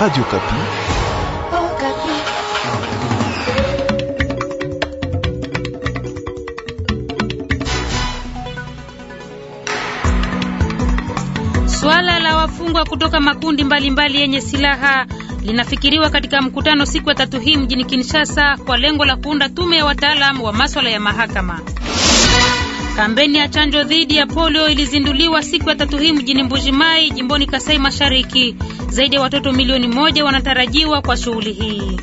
Radio Kapi. Oh, Kapi. Swala la wafungwa kutoka makundi mbalimbali mbali yenye silaha linafikiriwa katika mkutano siku ya tatu hii mjini Kinshasa kwa lengo la kuunda tume ya wataalamu wa masuala ya mahakama. Kampeni ya chanjo dhidi ya polio ilizinduliwa siku ya tatu hii mjini Mbujimai, jimboni Kasai Mashariki. Zaidi ya watoto milioni moja wanatarajiwa kwa shughuli hii.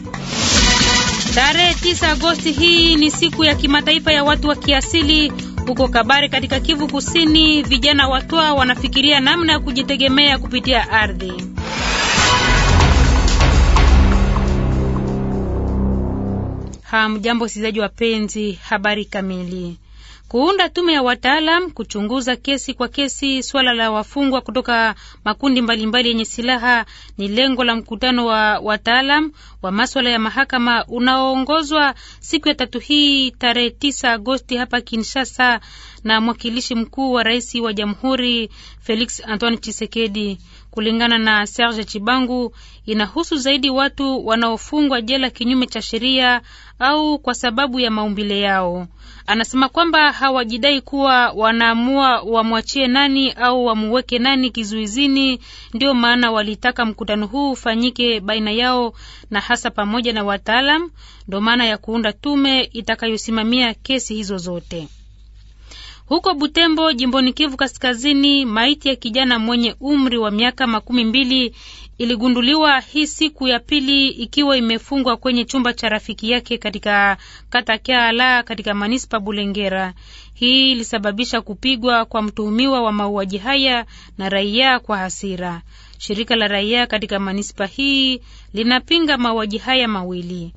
Tarehe 9 Agosti hii ni siku ya kimataifa ya watu wa kiasili. Huko Kabare katika Kivu Kusini, vijana watwa wanafikiria namna ya kujitegemea kupitia ardhi. Hamjambo wasikilizaji wapenzi, habari kamili kuunda tume ya wataalam kuchunguza kesi kwa kesi swala la wafungwa kutoka makundi mbalimbali yenye mbali silaha ni lengo la mkutano wa wataalam wa maswala ya mahakama unaoongozwa siku ya tatu hii tarehe tisa Agosti hapa Kinshasa na mwakilishi mkuu wa rais wa jamhuri Felix Antoine chisekedi kulingana na Serge Chibangu, inahusu zaidi watu wanaofungwa jela kinyume cha sheria au kwa sababu ya maumbile yao. Anasema kwamba hawajidai kuwa wanaamua wamwachie nani au wamuweke nani kizuizini. Ndio maana walitaka mkutano huu ufanyike baina yao na hasa pamoja na wataalam, ndo maana ya kuunda tume itakayosimamia kesi hizo zote. Huko Butembo, jimboni Kivu Kaskazini, maiti ya kijana mwenye umri wa miaka makumi mbili iligunduliwa hii siku ya pili ikiwa imefungwa kwenye chumba cha rafiki yake katika kata Kyala katika manispa Bulengera. Hii ilisababisha kupigwa kwa mtuhumiwa wa mauaji haya na raia kwa hasira. Shirika la raia katika manispa hii linapinga mauaji haya mawili.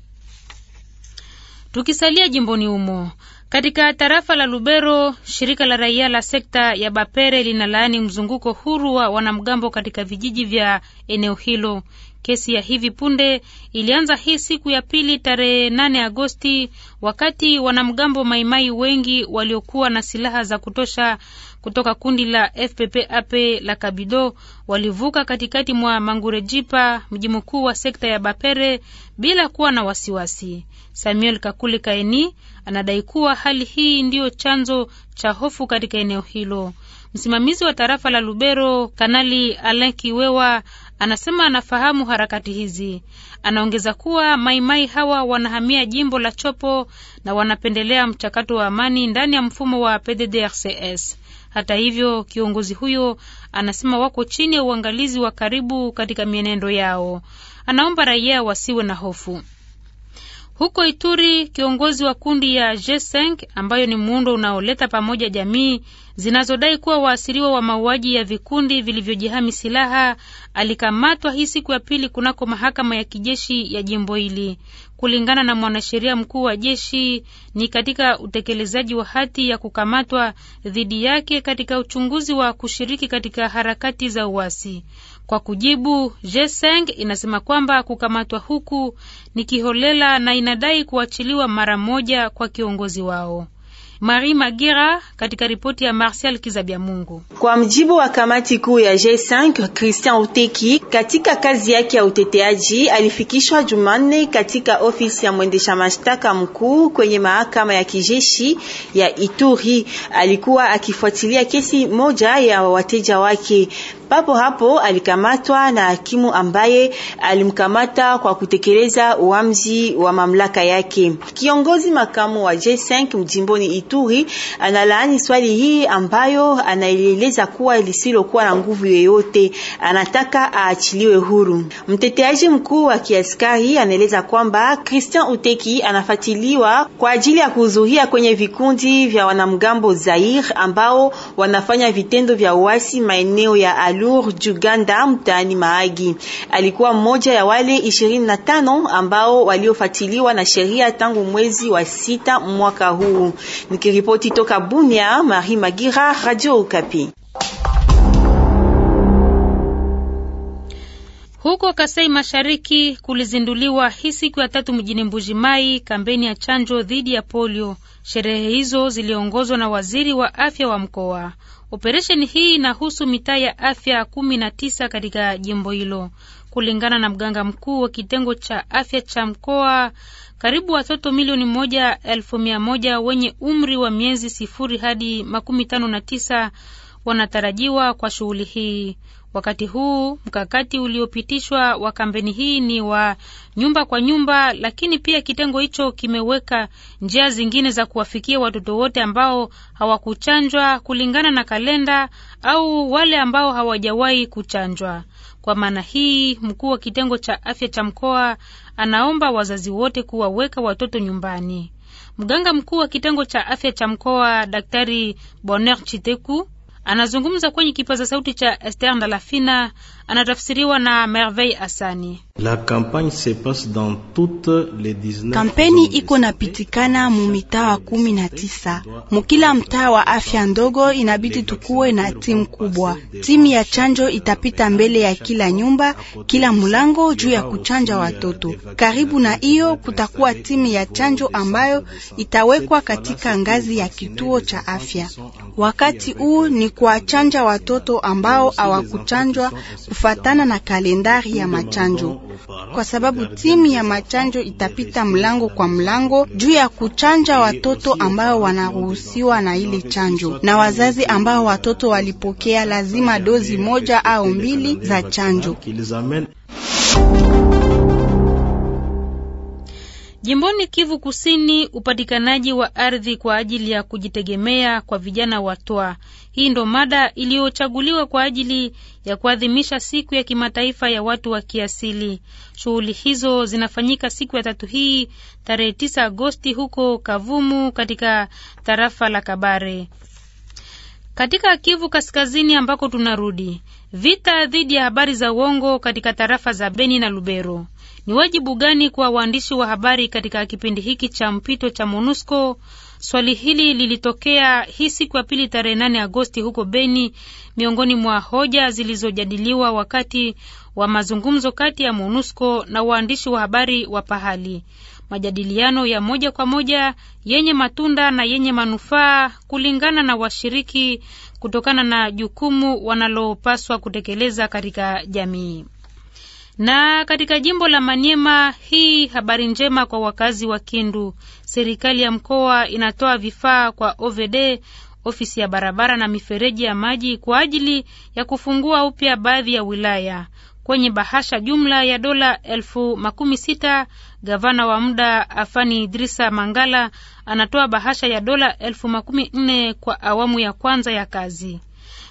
Tukisalia jimboni humo, katika tarafa la Lubero, shirika la raia la sekta ya Bapere linalaani mzunguko huru wa wanamgambo katika vijiji vya eneo hilo. Kesi ya hivi punde ilianza hii siku ya pili tarehe 8 Agosti, wakati wanamgambo maimai wengi waliokuwa na silaha za kutosha kutoka kundi la FPPAP la Kabido walivuka katikati mwa Mangurejipa, mji mkuu wa sekta ya Bapere, bila kuwa na wasiwasi. Samuel Kakule Kaeni anadai kuwa hali hii ndiyo chanzo cha hofu katika eneo hilo. Msimamizi wa tarafa la Lubero, Kanali Alain Kiwewa, anasema anafahamu harakati hizi. Anaongeza kuwa maimai hawa wanahamia jimbo la Chopo na wanapendelea mchakato wa amani ndani ya mfumo wa PDDRCS. Hata hivyo, kiongozi huyo anasema wako chini ya uangalizi wa karibu katika mienendo yao. Anaomba raia wasiwe na hofu. Huko Ituri, kiongozi wa kundi ya G5 ambayo ni muundo unaoleta pamoja jamii zinazodai kuwa waasiriwa wa mauaji ya vikundi vilivyojihami silaha alikamatwa hii siku ya pili kunako mahakama ya kijeshi ya jimbo hili kulingana na mwanasheria mkuu wa jeshi ni katika utekelezaji wa hati ya kukamatwa dhidi yake katika uchunguzi wa kushiriki katika harakati za uasi. Kwa kujibu, Jeseng inasema kwamba kukamatwa huku ni kiholela na inadai kuachiliwa mara moja kwa kiongozi wao. Marie Magira katika ripoti ya Martial Mungu. Kwa mjibu wa kamati kuu ya G5, Christian Uteki katika kazi yake ya uteteaji alifikishwa Jumanne katika ofisi ya mwendesha mashtaka mkuu kwenye mahakama ya kijeshi ya Ituri. Alikuwa akifuatilia kesi moja ya wateja wake. Papo hapo alikamatwa na hakimu ambaye alimkamata kwa kutekeleza uamzi wa mamlaka yake. Kiongozi makamu wa J5 mjimboni Ituri analaani swali hii ambayo anaeleza kuwa lisilokuwa na nguvu yoyote, anataka aachiliwe huru. Mteteaji mkuu wa kiaskari anaeleza kwamba Christian Uteki anafatiliwa kwa ajili ya kuzuhia kwenye vikundi vya wanamgambo Zair ambao wanafanya vitendo vya uasi maeneo ya Alu Malur Juganda mtaani maagi Alikuwa mmoja ya wale ishirini na tano ambao waliofatiliwa na sheria tangu mwezi wa sita mwaka huu. Nikiripoti toka Bunia, Marie Magira, Radio Okapi. Huko Kasai Mashariki kulizinduliwa hii siku ya tatu mjini Mbujimai kampeni ya chanjo dhidi ya polio. Sherehe hizo ziliongozwa na waziri wa afya wa mkoa. Operesheni hii inahusu mitaa ya afya kumi na tisa katika jimbo hilo. Kulingana na mganga mkuu wa kitengo cha afya cha mkoa, karibu watoto milioni moja elfu mia moja wenye umri wa miezi sifuri hadi makumi tano na tisa wanatarajiwa kwa shughuli hii. Wakati huu mkakati uliopitishwa wa kampeni hii ni wa nyumba kwa nyumba, lakini pia kitengo hicho kimeweka njia zingine za kuwafikia watoto wote ambao hawakuchanjwa kulingana na kalenda au wale ambao hawajawahi kuchanjwa. Kwa maana hii, mkuu wa kitengo cha afya cha mkoa anaomba wazazi wote kuwaweka watoto nyumbani. Mganga mkuu wa kitengo cha afya cha mkoa Daktari Bonheur Chiteku Anazungumza kwenye kipaza sauti cha Esther Ndalafina, anatafsiriwa na Merveille Asani. La campagne se passe dans toutes les 19. Kampeni iko napitikana mu mitaa kumi na tisa. Mukila mtaa wa afya ndogo inabidi tukuwe na timu kubwa. Timu ya chanjo itapita mbele ya kila nyumba, kila mlango juu ya kuchanja watoto. Karibu na hiyo kutakuwa timu ya chanjo ambayo itawekwa katika ngazi ya kituo cha afya. Wakati huu ni kuwachanja watoto ambao hawakuchanjwa kufatana na kalendari ya machanjo kwa sababu timu ya machanjo itapita mlango kwa mlango juu ya kuchanja watoto ambao wanaruhusiwa na ile chanjo, na wazazi ambao watoto walipokea lazima dozi moja au mbili za chanjo. Jimboni Kivu Kusini, upatikanaji wa ardhi kwa ajili ya kujitegemea kwa vijana wa twa Hii ndo mada iliyochaguliwa kwa ajili ya kuadhimisha siku ya kimataifa ya watu wa kiasili. Shughuli hizo zinafanyika siku ya tatu hii tarehe 9 Agosti huko Kavumu katika tarafa la Kabare katika Kivu Kaskazini ambako tunarudi. Vita dhidi ya habari za uongo katika tarafa za Beni na Lubero ni wajibu gani kwa waandishi wa habari katika kipindi hiki cha mpito cha MONUSCO? Swali hili lilitokea hii siku ya pili tarehe 8 Agosti huko Beni, miongoni mwa hoja zilizojadiliwa wakati wa mazungumzo kati ya MONUSCO na waandishi wa habari wa pahali. Majadiliano ya moja kwa moja yenye matunda na yenye manufaa kulingana na washiriki, kutokana na jukumu wanalopaswa kutekeleza katika jamii. Na katika jimbo la Maniema, hii habari njema kwa wakazi wa Kindu. Serikali ya mkoa inatoa vifaa kwa OVD, ofisi ya barabara na mifereji ya maji kwa ajili ya kufungua upya baadhi ya wilaya. Kwenye bahasha jumla ya dola elfu makumi sita, gavana wa muda Afani Idrisa Mangala anatoa bahasha ya dola elfu makumi nne kwa awamu ya kwanza ya kazi.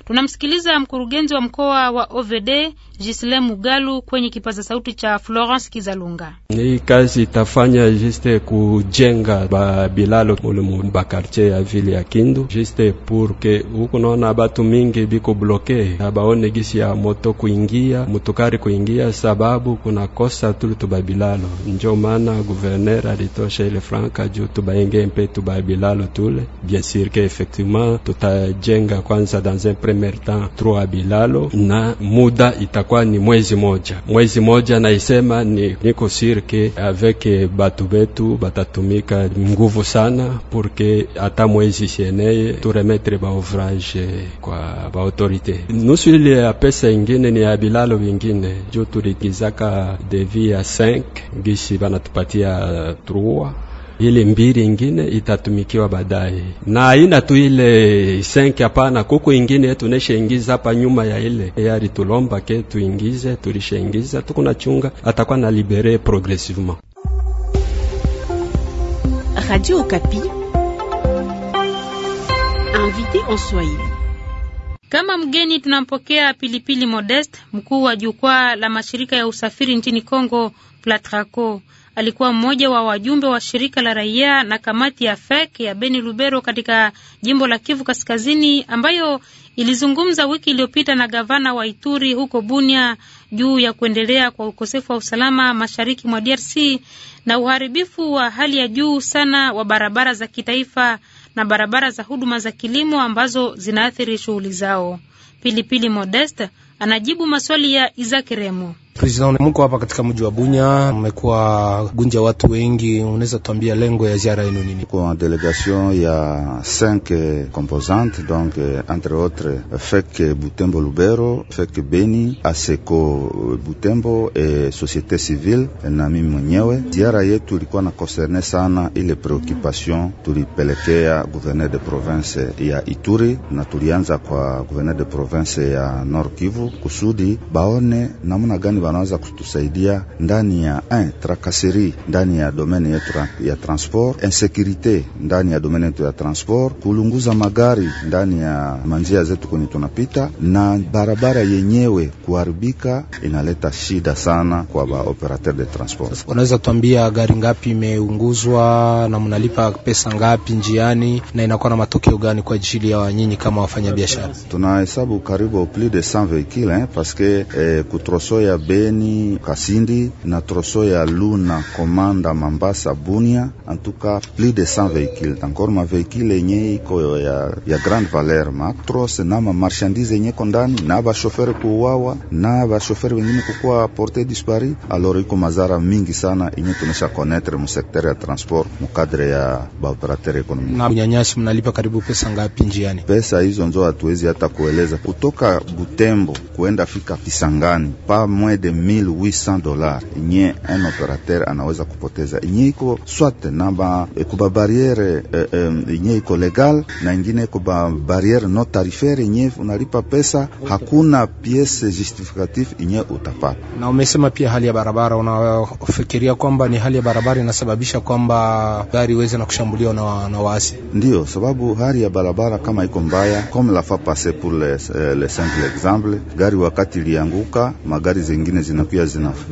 Tunamsikiliza mkurugenzi wa mkoa wa OVD Gisle Mugalu kwenye kipaza sauti cha Florence Kizalunga. Hii kazi itafanya juste kujenga babilalo mu bakartie ya vile ya Kindu juste purke huku naona batu mingi biko bloke abaone gisi ya moto kuingia mutukari kuingia, sababu kunakosa tuli tubabilalo. Njo maana guverner alitosha ile franka juu tubaenge mpe tubabilalo tule. Bien sûr que effectivement tutajenga kwanza dans un premier temps trois bilalo na muda ita itakuwa ni mwezi moja, mwezi moja naisema ni, niko sirke avec batu betu batatumika nguvu sana purke ata mwezi sieneye turemetre ba ouvrage kwa ba autorite. Nusu ile ya pesa ingine ni ya bilalo vingine, juu tuligizaka devi ya 5 gisi banatupatia 3 ile mbili ingine itatumikiwa baadaye na aina tu ile senke. Hapana, kuku ingine neshaingiza hapa nyuma ya ile yari tulomba ke tuingize, tulishaingiza tukuna chunga, atakuwa na libere progressivement. Radio Okapi invité en Swahili. Kama mgeni tunampokea Pilipili Modeste, mkuu wa jukwaa la mashirika ya usafiri nchini Kongo Platraco alikuwa mmoja wa wajumbe wa shirika la raia na kamati ya FEC ya Beni Lubero katika jimbo la Kivu Kaskazini ambayo ilizungumza wiki iliyopita na gavana wa Ituri huko Bunia juu ya kuendelea kwa ukosefu wa usalama mashariki mwa DRC na uharibifu wa hali ya juu sana wa barabara za kitaifa na barabara za huduma za kilimo ambazo zinaathiri shughuli zao. Pilipili Modest anajibu maswali ya remo President, muko hapa katika mji wa Bunya, mmekuwa gunja watu wengi, unaweza tuambia lengo ya ziara yenu nini? Kwa delegation ya 5 composantes donc entre autres FEC Butembo Lubero, FEC Beni, ASECO Butembo et Société civile na mimi mwenyewe. Ziara yetu ilikuwa na concerne sana ile preoccupation tulipelekea gouverneur de province ya Ituri na tulianza kwa gouverneur de province ya Nord Kivu kusudi baone namna gani wanaweza kutusaidia ndani ya un, trakaseri ndani ya domene yetu ya transport, insekurite ndani ya domene yetu ya transport, kulunguza magari ndani ya manjia zetu kwenye tunapita, na barabara yenyewe kuharibika inaleta shida sana kwa operateur de transport. Unaweza tuambia gari ngapi imeunguzwa na mnalipa pesa ngapi njiani na inakuwa na matokeo gani kwa ajili ya nyinyi kama wafanyabiashara? Tunahesabu karibu plus de 100 vehicules hein, parce que eh, kutroso ya Beni, Kasindi na troso ya Luna, Komanda, Mambasa, Bunia, antuka plus de 100 vehicules encore ma vehicle yenye iko ya, ya grande valeur trose na ma marchandise yenye iko ndani na bashofer kuuawa na chauffeur wengine kukuwa porte dispari. Alors iko mazara mingi sana yenye tunesha connaître mu secteur ya transport mu cadre ya baoperateur ekonomiki. Na unyanyasi mnalipa karibu pesa ngapi njiani? Pesa hizo nzo hatuwezi hata kueleza, kutoka Butembo kuenda fika Kisangani pa mwede de 1800 dollars nye un operateur anaweza kupoteza, nye iko swat na eh, ba kuba barriere eh, eh, nye iko legal na ingine kuba barriere no tarifaire, nye unalipa pesa okay. Hakuna piece justificatif nye utapata. Na umesema pia hali ya barabara, unafikiria kwamba ni hali ya barabara inasababisha kwamba gari iweze na kushambuliwa na, na waasi? Ndio sababu hali ya barabara kama iko mbaya comme la fois passé pour les, eh, les simple exemple gari wakati ilianguka magari zingine mashine zinakuya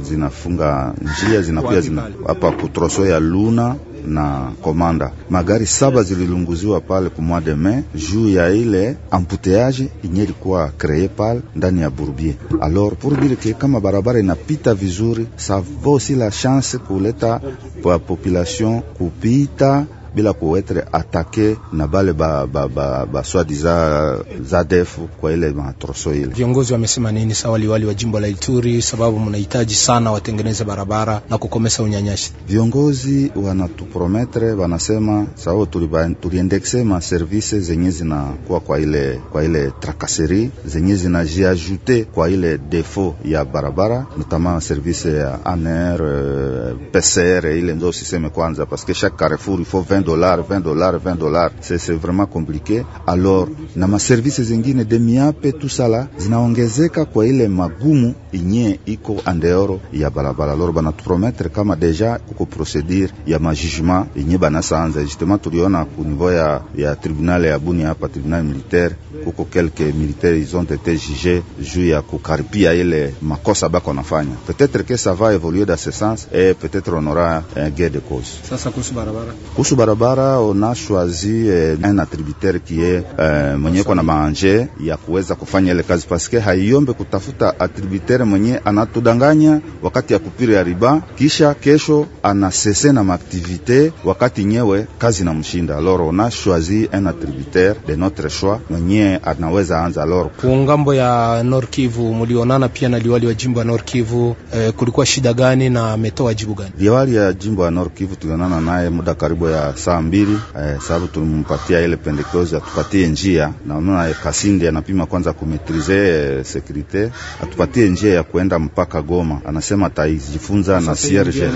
zinafunga njia zinakuya zina hapa kutroso ya Luna na Komanda. Magari saba zililunguziwa pale kumwa de mai juu ya ile amputeage inye ilikuwa kreye pale ndani ya Bourbier. Alors pour dire que kama barabara inapita vizuri, ça vaut aussi la chance kuleta population kupita bila kuetre atake na bale ba, ba, ba, ba swadi za, defu kwa ile matroso ile. Viongozi wamesema nini? Sawa, liwali wa jimbo la Ituri, sababu mnahitaji sana watengeneze barabara na kukomesa unyanyashi Viongozi wanatuprometre wanasema sawa, tuliendekse ma service zenye zinakuwa kwa ile, kwa ile trakaseri zenye zinajiajute kwa ile defo ya barabara, notama service ya ANR euh, PCR ile ndio usiseme kwanza, que chaque carrefour il faut 20 dollars 20 dollars 20 dollars, c'est vraiment compliqué. Alors na maservisi zingine demiape tusala zinaongezeka kwa ile magumu inye iko andeoro ya balabala. Loro banatuprometre kama deja kuko procedure ya majugement inye banasanza justement, tuliona ku niveau ya, ya tribunal ya Bunia hapa tribunal militaire kuko quelques militaires ils ont été jugés juu ya kukaripia ile makosa bako nafanya. Peut-être que ça va évoluer dans ce sens et peut-être on aura un gain de cause. Sasa kuhusu barabara, kuhusu barabara barabara ona shwazi eh, na tributaire est eh, mwenye kwa na manje ya kuweza kufanya ile kazi paske haiombe kutafuta attributaire mwenye anatudanganya wakati ya kupira ya riba, kisha kesho anasese na maaktivite wakati nyewe kazi na mshinda. Loro ona shwazi un attributaire de notre choix mwenye anaweza anza. Loro kuungambo ya Nord Kivu mulionana pia na liwali wa jimbo ya Nord Kivu eh, kulikuwa shida gani na ametoa jibu gani? Liwali ya jimbo ya Nord Kivu tulionana naye muda karibu ya saa mbili eh, sababu tulimpatia ile pendekezo atupatie njia. Naona eh, Kasindi anapima kwanza kumetrize eh, sekurite, atupatie njia ya kuenda mpaka Goma. Anasema ataijifunza na sierge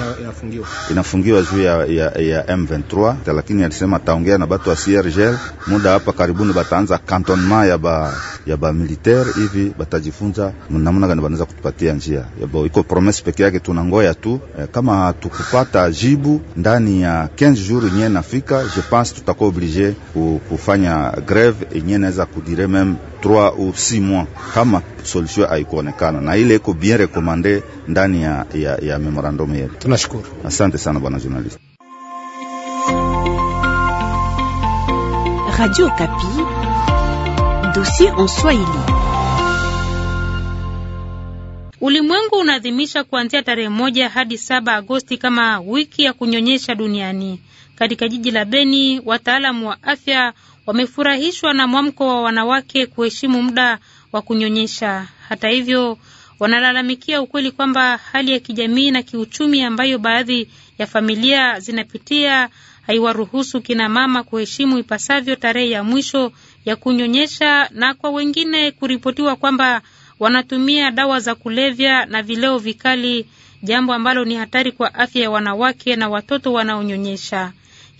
inafungiwa juu ya, ya, ya M23, lakini alisema ataongea na batu wa sierge muda hapa karibuni bataanza kantonma ya ba ya militaire hivi batajifunza namna gani banaweza kutupatia njia yabo. Iko promesse peke yake, tunangoya tu e, kama tukupata jibu ndani ya 15 jours nyenye nafika, je pense tutakuwa oblige kufanya greve yenye naweza kudire meme 3 ou 6 mois kama solution haikuonekana, na ile iko bien recommandé ndani ya, ya, ya memorandum yetu. Tunashukuru, asante sana bwana journalist. Radio Kapi Dossier en Swahili. Ulimwengu unaadhimisha kuanzia tarehe moja hadi saba Agosti kama wiki ya kunyonyesha duniani. Katika jiji la Beni, wataalamu wa afya wamefurahishwa na mwamko wa wanawake kuheshimu muda wa kunyonyesha. Hata hivyo, wanalalamikia ukweli kwamba hali ya kijamii na kiuchumi ambayo baadhi ya familia zinapitia haiwaruhusu kina mama kuheshimu ipasavyo tarehe ya mwisho ya kunyonyesha na kwa wengine kuripotiwa kwamba wanatumia dawa za kulevya na vileo vikali, jambo ambalo ni hatari kwa afya ya wanawake na watoto wanaonyonyesha.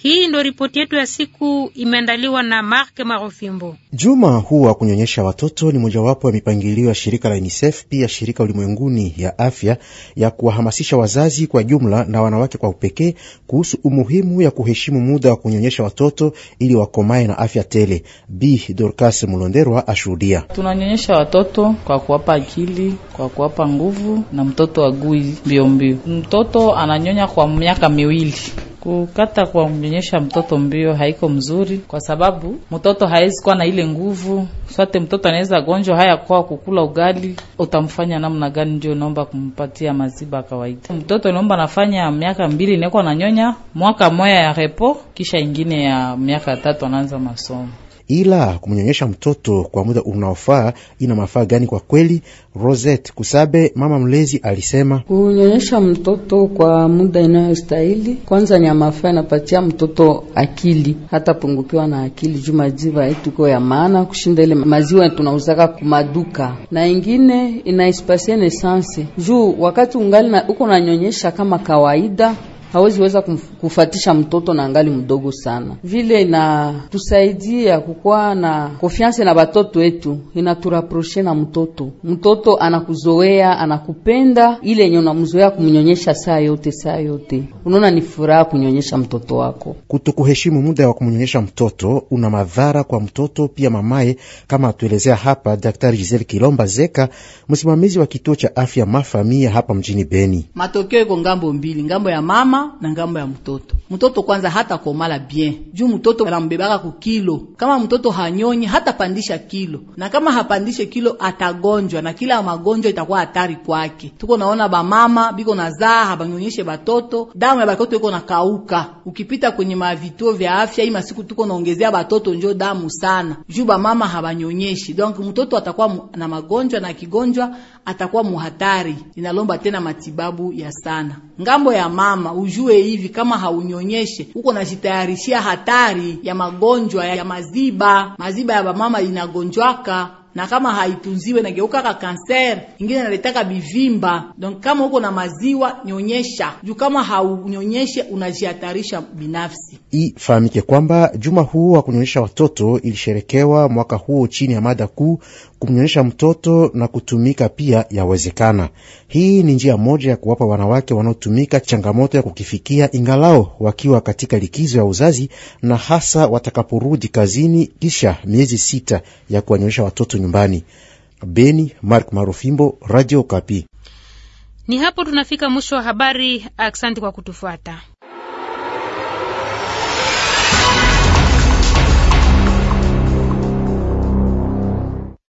Hii ndo ripoti yetu ya siku imeandaliwa na Mark Marofimbo. Juma huu wa kunyonyesha watoto ni mojawapo ya mipangilio ya shirika la UNICEF pia shirika ulimwenguni ya afya ya kuwahamasisha wazazi kwa jumla na wanawake kwa upekee kuhusu umuhimu ya kuheshimu muda wa kunyonyesha watoto ili wakomae na afya tele. B Dorcas Mulonderwa ashuhudia. Tunanyonyesha watoto kwa kuwapa akili, kwa kuwapa nguvu, na mtoto agui mbiombio. Mtoto ananyonya kwa miaka miwili Kukata kwa mnyonyesha mtoto mbio haiko mzuri, kwa sababu mtoto hawezi kuwa na ile nguvu swate. Mtoto anaweza gonjwa haya kwa kukula ugali, utamfanya namna gani? Ndio naomba kumpatia maziba kawaida. Mtoto naomba nafanya miaka mbili inakuwa nanyonya, mwaka moya ya repo, kisha ingine ya miaka tatu anaanza masomo ila kumnyonyesha mtoto kwa muda unaofaa ina mafaa gani? Kwa kweli, Rosette Kusabe, mama mlezi, alisema kunyonyesha mtoto kwa muda inayostahili kwanza ni ya mafaa, inapatia mtoto akili, hata pungukiwa na akili juu maziwa yetuko ya maana kushinda ile maziwa tunauzaka kumaduka, na ingine inaispasie nesanse juu wakati ungali uko nanyonyesha kama kawaida hawezi weza kufatisha mtoto na angali mdogo sana. Vile tusaidia kukuwa na konfianse na batoto wetu, inaturaproshe na mtoto. Mtoto anakuzoea anakupenda, ile yenye unamzoea kumnyonyesha saa yote saa yote, unaona ni furaha kunyonyesha mtoto wako. Kutokuheshimu muda wa kumnyonyesha mtoto una madhara kwa mtoto pia mamaye, kama atuelezea hapa Daktari Giselle Kilomba Zeka, msimamizi wa kituo cha afya mafamia hapa mjini Beni. Matokeo iko ngambo mbili, ngambo ya mama na ngambo ya mtoto. Mtoto kwanza hata komala bien juu mtoto anambebaka ku kilo. Kama mtoto hanyonyi hata pandisha kilo, na kama hapandishe kilo atagonjwa, na kila magonjwa itakuwa hatari kwake. Tuko naona bamama biko na zaa habanyonyeshe batoto, damu ya batoto iko na kauka. Ukipita kwenye mavituo vya afya hii masiku tuko naongezea batoto njo damu sana juu bamama habanyonyeshi, donc mtoto atakuwa na magonjwa na kigonjwa atakuwa muhatari, inalomba tena matibabu ya sana ngambo ya mama ujue hivi kama haunyonyeshe uko najitayarishia hatari ya magonjwa ya maziba. Maziba ya bamama inagonjwaka na kama haitunziwe nageukaka kanser ingine naletaka bivimba. Donc kama uko na maziwa nyonyesha, juu kama haunyonyeshe unajihatarisha binafsi. Ifahamike kwamba juma huu wa kunyonyesha watoto ilisherekewa mwaka huu chini ya mada kuu kumnyonyesha mtoto na kutumika pia yawezekana. Hii ni njia moja ya kuwapa wanawake wanaotumika changamoto ya kukifikia, ingalao wakiwa katika likizo ya uzazi, na hasa watakaporudi kazini kisha miezi sita ya kuwanyonyesha watoto nyumbani. Beni, Mark Marufimbo, Radio Kapi. Ni hapo tunafika mwisho wa habari. Asante kwa kutufuata.